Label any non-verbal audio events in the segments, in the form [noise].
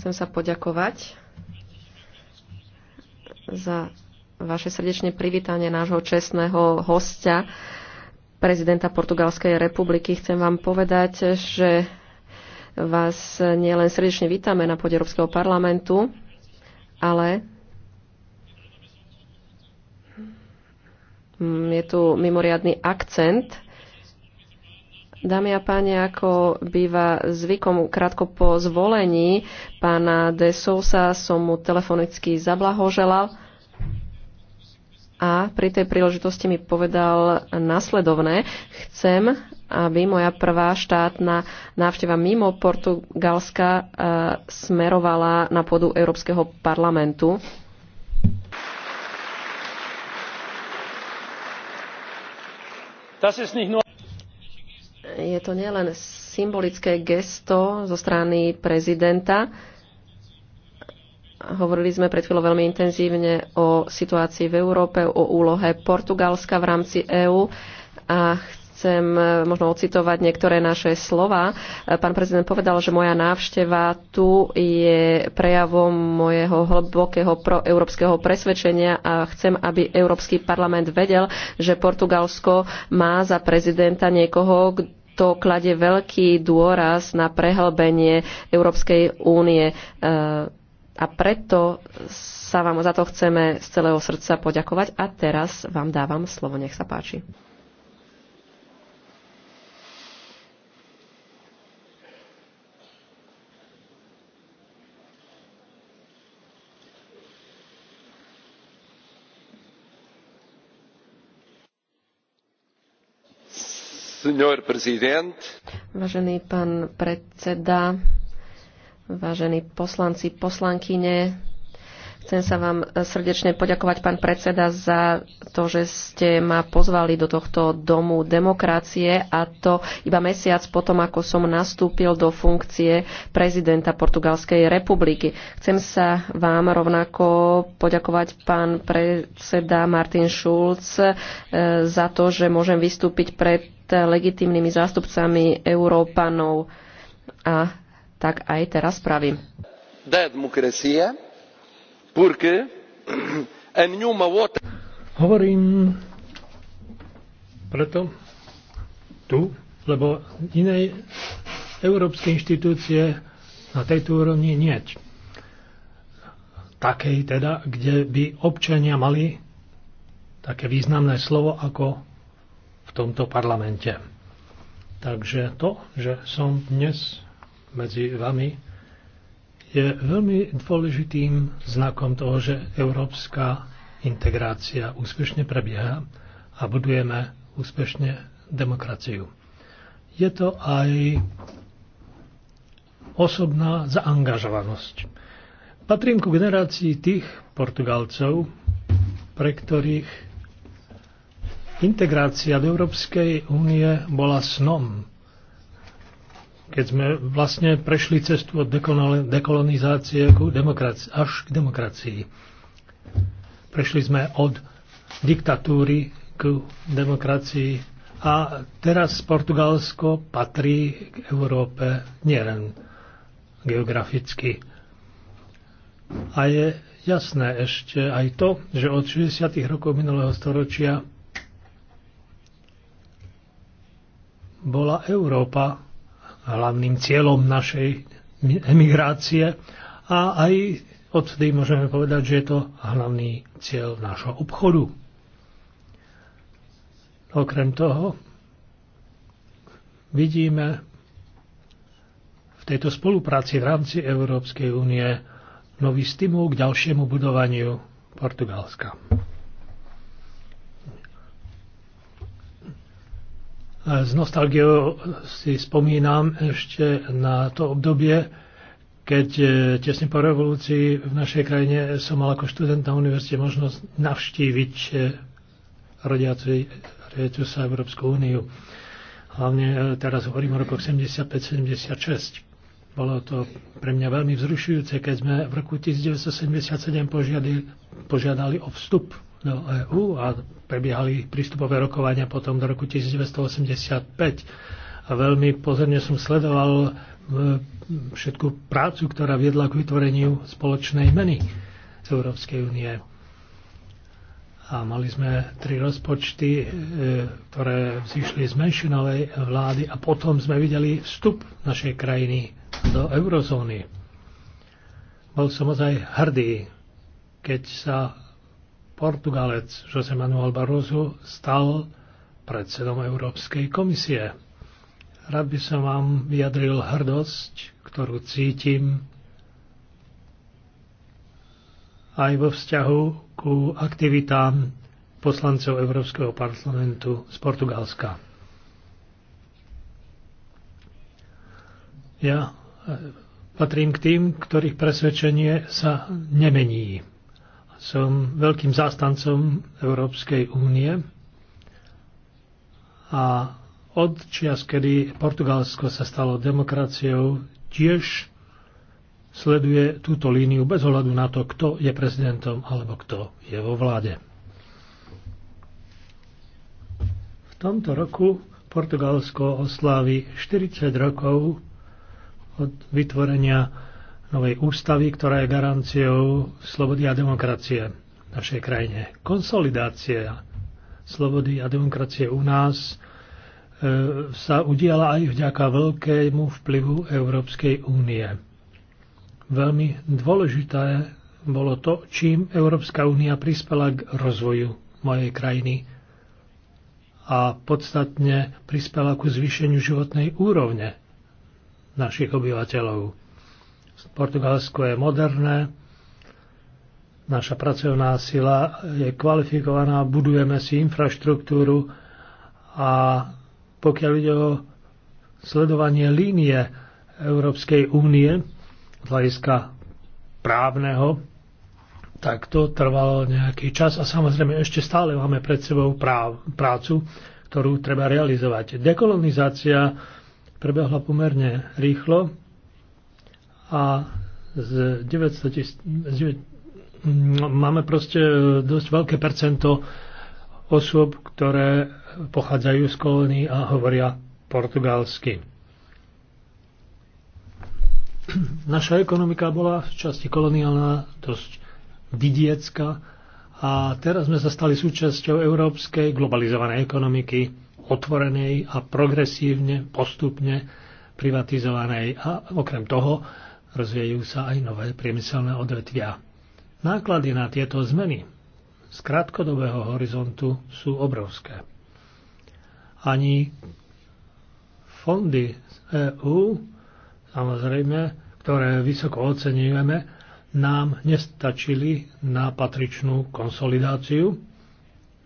Chcem sa poďakovať za vaše srdečné privítanie nášho čestného hostia, prezidenta Portugalskej republiky. Chcem vám povedať, že vás nielen srdečne vítame na pôde Európskeho parlamentu, ale je tu mimoriadný akcent Dámy a páni, ako býva zvykom krátko po zvolení pána De Sousa som mu telefonicky zablahoželal a pri tej príležitosti mi povedal nasledovné. Chcem, aby moja prvá štátna návšteva mimo Portugalska e, smerovala na podu Európskeho parlamentu. Das ist nicht nur je to nielen symbolické gesto zo strany prezidenta. Hovorili sme pred chvíľou veľmi intenzívne o situácii v Európe, o úlohe Portugalska v rámci EÚ a chcem e, možno ocitovať niektoré naše slova. E, pán prezident povedal, že moja návšteva tu je prejavom mojeho hlbokého proeurópskeho presvedčenia a chcem, aby Európsky parlament vedel, že Portugalsko má za prezidenta niekoho, to klade veľký dôraz na prehlbenie Európskej únie e, a preto sa vám za to chceme z celého srdca poďakovať a teraz vám dávam slovo, nech sa páči. Vážený pán predseda, vážení poslanci, poslankyne, Chcem sa vám srdečne poďakovať, pán predseda, za to, že ste ma pozvali do tohto domu demokracie a to iba mesiac potom, ako som nastúpil do funkcie prezidenta Portugalskej republiky. Chcem sa vám rovnako poďakovať, pán predseda Martin Schulz, e, za to, že môžem vystúpiť pred legitímnymi zástupcami Európanov a tak aj teraz pravím. democracia Hovorím preto tu, lebo inej európskej inštitúcie na tejto úrovni nieť. Takej teda, kde by občania mali také významné slovo ako v tomto parlamente. Takže to, že som dnes medzi vami, je veľmi dôležitým znakom toho, že európska integrácia úspešne prebieha a budujeme úspešne demokraciu. Je to aj osobná zaangažovanosť. Patrím ku generácii tých Portugalcov, pre ktorých integrácia do Európskej únie bola snom, keď sme vlastne prešli cestu od dekolonizácie k až k demokracii. Prešli sme od diktatúry k demokracii a teraz Portugalsko patrí k Európe nielen geograficky. A je jasné ešte aj to, že od 60. rokov minulého storočia bola Európa hlavným cieľom našej emigrácie a aj odtedy môžeme povedať, že je to hlavný cieľ nášho obchodu. Okrem toho vidíme v tejto spolupráci v rámci Európskej únie nový stimul k ďalšiemu budovaniu Portugalska. E, s nostalgiou si spomínam ešte na to obdobie, keď e, tesne po revolúcii v našej krajine som mal ako študent na univerzite možnosť navštíviť e, rodiacu sa Európsku úniu. Hlavne teraz hovorím o rokoch 75-76. Bolo to pre mňa veľmi vzrušujúce, keď sme v roku 1977 požiadali, požiadali o vstup do EÚ a prebiehali prístupové rokovania potom do roku 1985. A veľmi pozorne som sledoval e, všetku prácu, ktorá viedla k vytvoreniu spoločnej meny z Európskej únie. A mali sme tri rozpočty, e, ktoré vzýšli z menšinovej vlády a potom sme videli vstup našej krajiny do eurozóny. Bol som ozaj hrdý, keď sa Portugalec José Manuel Barroso stal predsedom Európskej komisie. Rád by som vám vyjadril hrdosť, ktorú cítim aj vo vzťahu ku aktivitám poslancov Európskeho parlamentu z Portugalska. Ja eh, patrím k tým, ktorých presvedčenie sa nemení som veľkým zástancom Európskej únie a od čias, kedy Portugalsko sa stalo demokraciou, tiež sleduje túto líniu bez ohľadu na to, kto je prezidentom alebo kto je vo vláde. V tomto roku Portugalsko oslávi 40 rokov od vytvorenia novej ústavy, ktorá je garanciou slobody a demokracie v našej krajine. Konsolidácia slobody a demokracie u nás e, sa udiala aj vďaka veľkému vplyvu Európskej únie. Veľmi dôležité bolo to, čím Európska únia prispela k rozvoju mojej krajiny a podstatne prispela ku zvýšeniu životnej úrovne našich obyvateľov. Portugalsko je moderné, naša pracovná sila je kvalifikovaná, budujeme si infraštruktúru a pokiaľ ide o sledovanie línie Európskej únie z hľadiska právneho, tak to trvalo nejaký čas a samozrejme ešte stále máme pred sebou práv, prácu, ktorú treba realizovať. Dekolonizácia prebehla pomerne rýchlo a z 900 000, z, máme proste dosť veľké percento osôb, ktoré pochádzajú z kolóny a hovoria portugalsky. [clears throat] Naša ekonomika bola v časti koloniálna, dosť vidiecka a teraz sme sa stali súčasťou európskej globalizovanej ekonomiky, otvorenej a progresívne, postupne privatizovanej a okrem toho rozvíjajú sa aj nové priemyselné odvetvia. Náklady na tieto zmeny z krátkodobého horizontu sú obrovské. Ani fondy EÚ, samozrejme, ktoré vysoko oceňujeme, nám nestačili na patričnú konsolidáciu.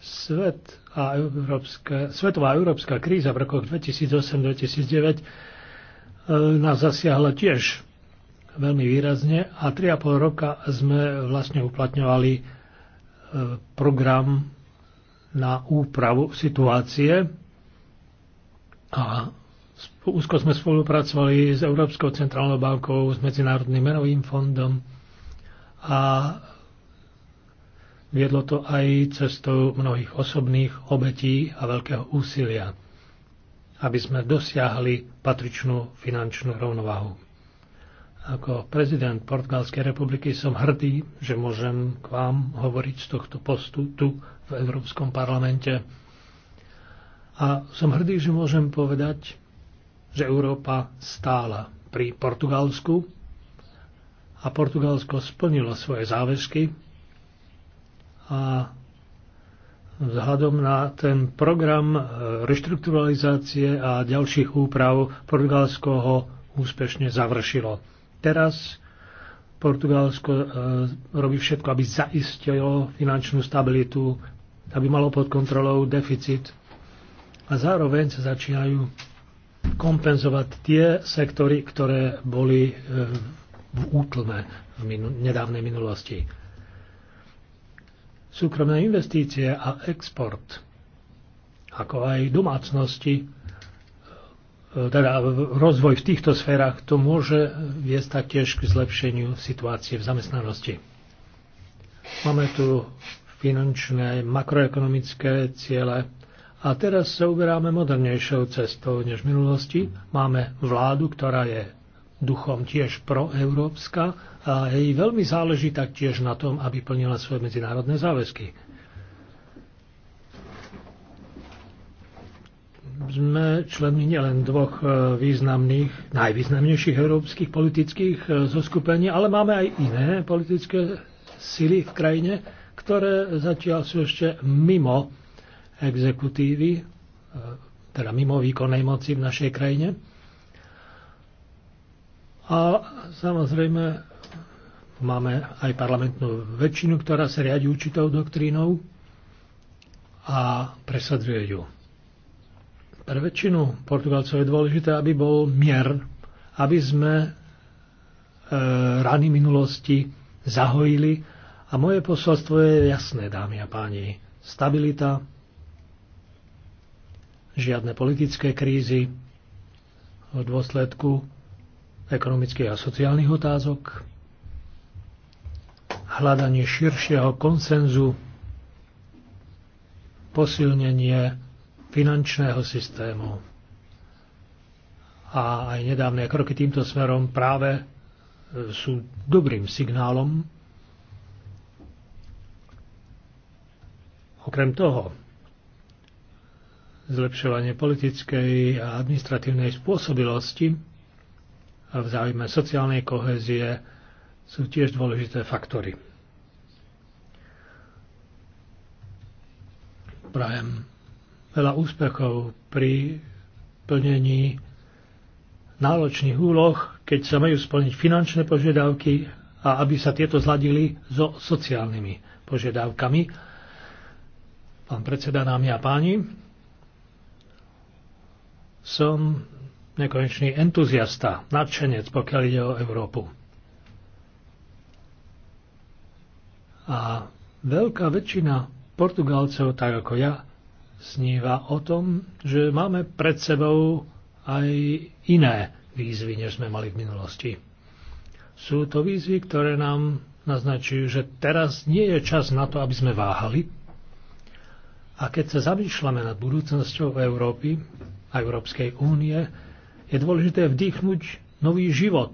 Svet a európska, svetová a európska kríza v rokoch 2008-2009 e, nás zasiahla tiež veľmi výrazne a 3,5 roka sme vlastne uplatňovali e, program na úpravu situácie a úzko sme spolupracovali s Európskou centrálnou bankou, s Medzinárodným menovým fondom a viedlo to aj cestou mnohých osobných obetí a veľkého úsilia, aby sme dosiahli patričnú finančnú rovnováhu. Ako prezident Portugalskej republiky som hrdý, že môžem k vám hovoriť z tohto postu tu v Európskom parlamente. A som hrdý, že môžem povedať, že Európa stála pri Portugalsku a Portugalsko splnilo svoje záväzky a vzhľadom na ten program e, reštrukturalizácie a ďalších úprav Portugalsko ho úspešne završilo. Teraz Portugalsko e, robí všetko, aby zaistilo finančnú stabilitu, aby malo pod kontrolou deficit a zároveň sa začínajú kompenzovať tie sektory, ktoré boli e, v útlme v minu- nedávnej minulosti. Súkromné investície a export, ako aj domácnosti, E, teda rozvoj v týchto sférach, to môže viesť taktiež k zlepšeniu situácie v zamestnanosti. Máme tu finančné, makroekonomické ciele a teraz sa uberáme modernejšou cestou než v minulosti. Máme vládu, ktorá je duchom tiež proeurópska a jej veľmi záleží taktiež na tom, aby plnila svoje medzinárodné záväzky. sme členmi nielen dvoch e, významných, najvýznamnejších európskych politických e, zoskupení, ale máme aj iné politické sily v krajine, ktoré zatiaľ sú ešte mimo exekutívy, e, teda mimo výkonnej moci v našej krajine. A samozrejme máme aj parlamentnú väčšinu, ktorá sa riadi určitou doktrínou a presadzuje ju. Pre väčšinu Portugalcov je dôležité, aby bol mier, aby sme e, rany minulosti zahojili. A moje posolstvo je jasné, dámy a páni. Stabilita, žiadne politické krízy v dôsledku ekonomických a sociálnych otázok, hľadanie širšieho konsenzu, posilnenie finančného systému. A aj nedávne kroky týmto smerom práve e, sú dobrým signálom. Okrem toho, zlepšovanie politickej a administratívnej spôsobilosti a v záujme sociálnej kohezie sú tiež dôležité faktory. Prajem veľa úspechov pri plnení náročných úloh, keď sa majú splniť finančné požiadavky a aby sa tieto zladili so sociálnymi požiadavkami. Pán predseda, dámy a páni, som nekonečný entuziasta, nadšenec, pokiaľ ide o Európu. A veľká väčšina Portugálcov, tak ako ja, sníva o tom, že máme pred sebou aj iné výzvy, než sme mali v minulosti. Sú to výzvy, ktoré nám naznačujú, že teraz nie je čas na to, aby sme váhali. A keď sa zamýšľame nad budúcnosťou Európy a Európskej únie, je dôležité vdýchnuť nový život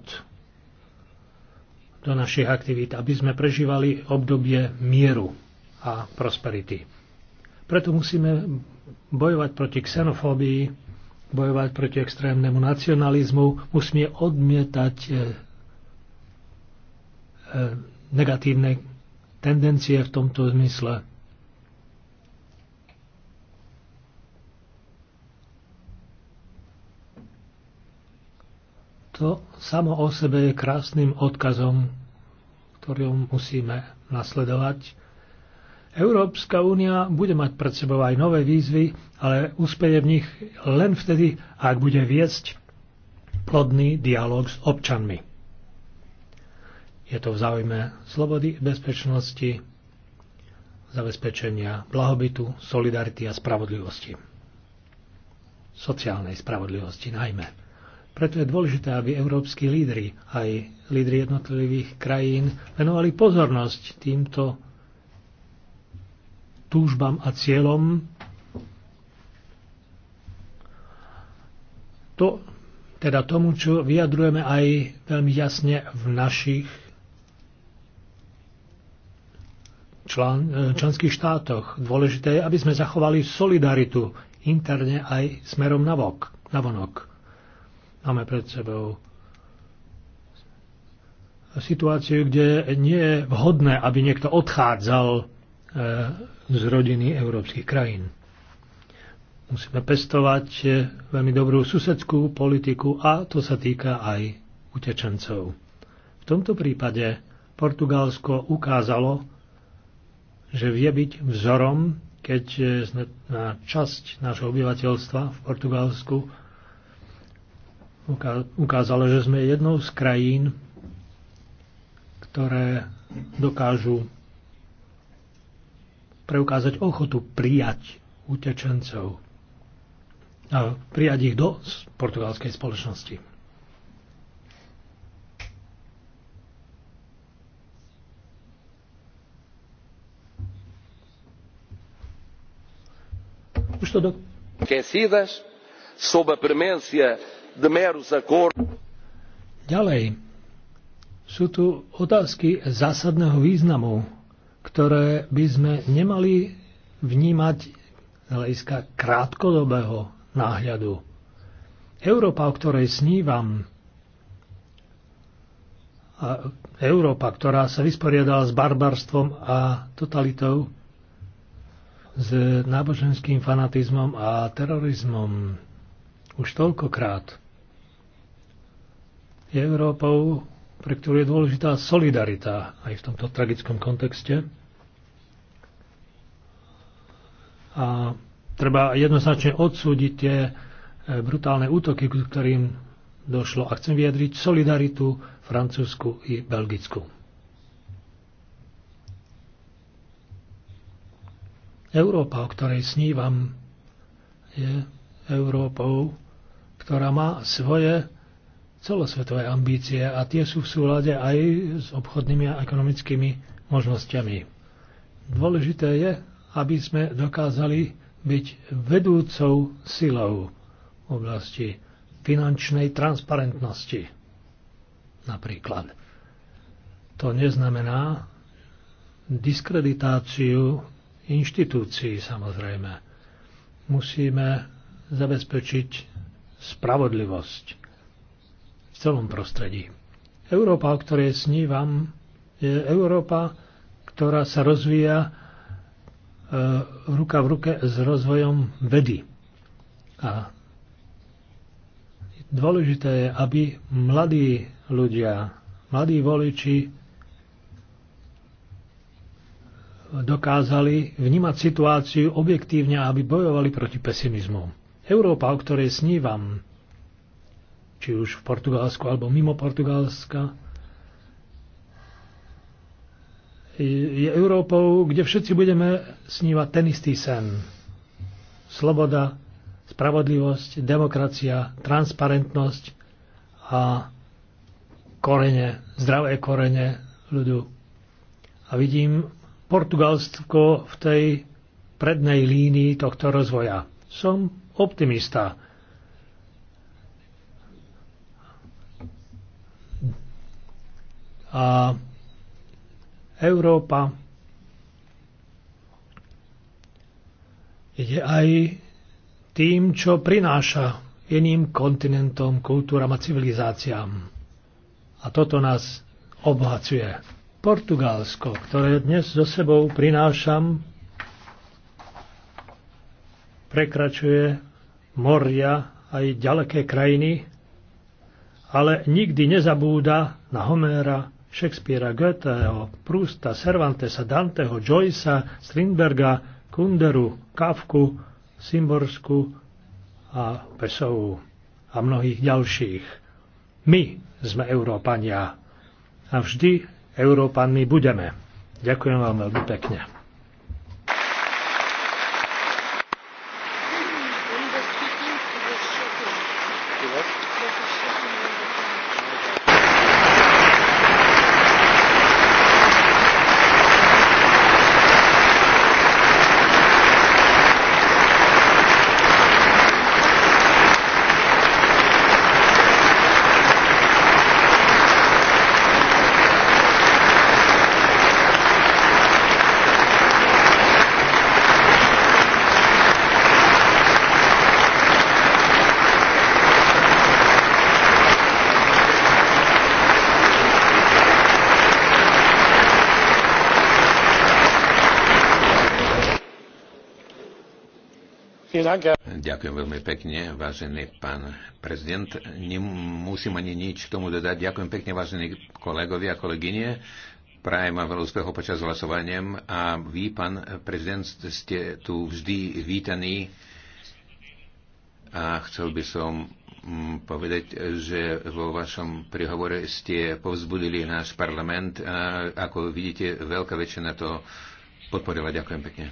do našich aktivít, aby sme prežívali obdobie mieru a prosperity. Preto musíme bojovať proti xenofóbii, bojovať proti extrémnemu nacionalizmu, musíme odmietať e, e, negatívne tendencie v tomto zmysle. To samo o sebe je krásnym odkazom, ktorým musíme nasledovať Európska únia bude mať pred sebou aj nové výzvy, ale úspeje v nich len vtedy, ak bude viesť plodný dialog s občanmi. Je to v záujme slobody, bezpečnosti, zabezpečenia blahobytu, solidarity a spravodlivosti. Sociálnej spravodlivosti najmä. Preto je dôležité, aby európsky lídry, aj lídry jednotlivých krajín, venovali pozornosť týmto túžbám a cieľom. To, teda tomu, čo vyjadrujeme aj veľmi jasne v našich člán, e, členských štátoch. Dôležité je, aby sme zachovali solidaritu interne aj smerom na, vok, na vonok. Máme pred sebou situáciu, kde nie je vhodné, aby niekto odchádzal E, z rodiny európskych krajín. Musíme pestovať e, veľmi dobrú susedskú politiku a to sa týka aj utečencov. V tomto prípade Portugalsko ukázalo, že vie byť vzorom, keď e, sme na časť nášho obyvateľstva v Portugalsku ukázalo, že sme jednou z krajín, ktoré dokážu preukázať ochotu prijať utečencov a prijať ich do portugalskej spoločnosti. Už to do... Ďalej, sú tu otázky zásadného významu ktoré by sme nemali vnímať z hľadiska krátkodobého náhľadu. Európa, o ktorej snívam, a Európa, ktorá sa vysporiadala s barbarstvom a totalitou, s náboženským fanatizmom a terorizmom už toľkokrát. Je Európou, pre ktorú je dôležitá solidarita aj v tomto tragickom kontexte. a treba jednoznačne odsúdiť tie e, brutálne útoky, k ktorým došlo. A chcem vyjadriť solidaritu Francúzsku i Belgicku. Európa, o ktorej snívam, je Európou, ktorá má svoje celosvetové ambície a tie sú v súlade aj s obchodnými a ekonomickými možnosťami. Dôležité je, aby sme dokázali byť vedúcou silou v oblasti finančnej transparentnosti. Napríklad. To neznamená diskreditáciu inštitúcií samozrejme. Musíme zabezpečiť spravodlivosť v celom prostredí. Európa, o ktorej snívam, je Európa, ktorá sa rozvíja E, ruka v ruke s rozvojom vedy. A dôležité je, aby mladí ľudia, mladí voliči dokázali vnímať situáciu objektívne, aby bojovali proti pesimizmu. Európa, o ktorej snívam, či už v Portugalsku alebo mimo Portugalska, je Európou, kde všetci budeme snívať ten istý sen. Sloboda, spravodlivosť, demokracia, transparentnosť a korene, zdravé korene ľudu. A vidím Portugalsko v tej prednej línii tohto rozvoja. Som optimista. A Európa ide aj tým, čo prináša iným kontinentom, kultúram a civilizáciám. A toto nás obhacuje Portugalsko, ktoré dnes so sebou prinášam, prekračuje moria aj ďaleké krajiny, ale nikdy nezabúda na Homéra Shakespearea, Goetheho, Prusta, Cervantesa, Danteho, Joycea, Strindberga, Kunderu, Kafku, Simborsku a Pesovu a mnohých ďalších. My sme Európania a vždy Európanmi budeme. Ďakujem vám veľmi pekne. Ďakujem veľmi pekne, vážený pán prezident. Nemusím ani nič k tomu dodať. Ďakujem pekne, vážení kolegovia a kolegyne. Prajem vám veľa úspechov počas hlasovaniem a vy, pán prezident, ste tu vždy vítaní a chcel by som mm, povedať, že vo vašom prihovore ste povzbudili náš parlament a ako vidíte, veľká väčšina to podporila. Ďakujem pekne.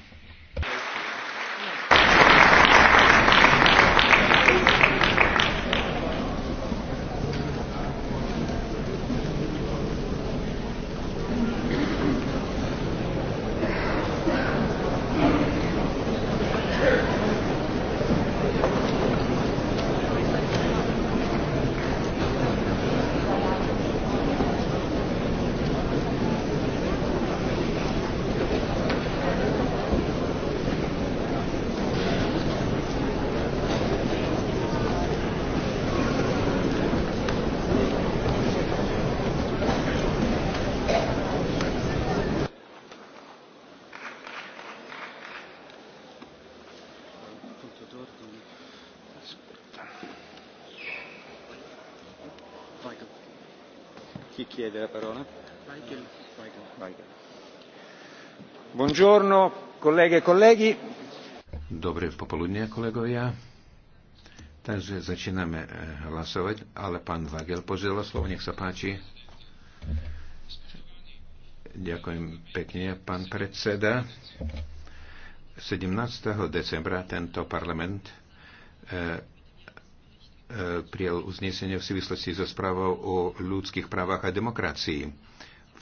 E Dobre popoludnie, kolegovia. Takže začíname eh, hlasovať, ale pán Vagel požiadal slovo, nech sa páči. Ďakujem pekne, pán predseda. 17. decembra tento parlament eh, E, prijal uznesenie v súvislosti so správou o ľudských právach a demokracii.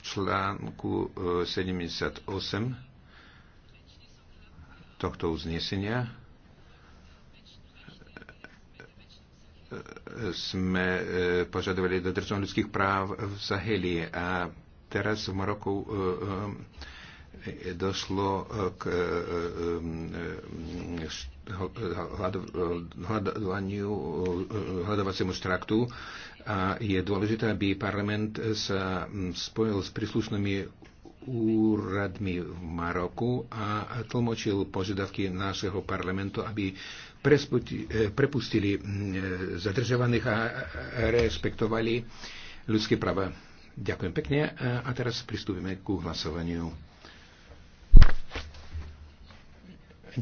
V článku 78 e, tohto uznesenia e, sme požadovali dodržanie ľudských práv v Saheli a teraz v Maroku došlo e, k e, e, hľadovaniu, hľadovaciemu štraktu a je dôležité, aby parlament sa spojil s príslušnými úradmi v Maroku a tlmočil požiadavky našeho parlamentu, aby prepustili zadržovaných a rešpektovali ľudské práva. Ďakujem pekne a teraz pristúpime ku hlasovaniu.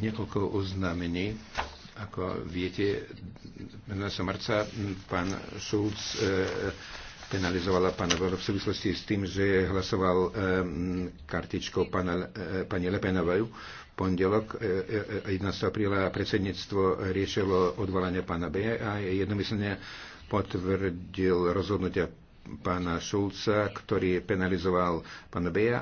niekoľko oznámení. Ako viete, 15. marca pán Šulc e, penalizovala pána Velo v súvislosti s tým, že hlasoval e, kartičkou e, pani Lepenovej. Pondelok 11. E, apríla predsedníctvo riešilo odvolanie pána B a jednomyslne potvrdil rozhodnutia pána Šulca, ktorý penalizoval pána Beja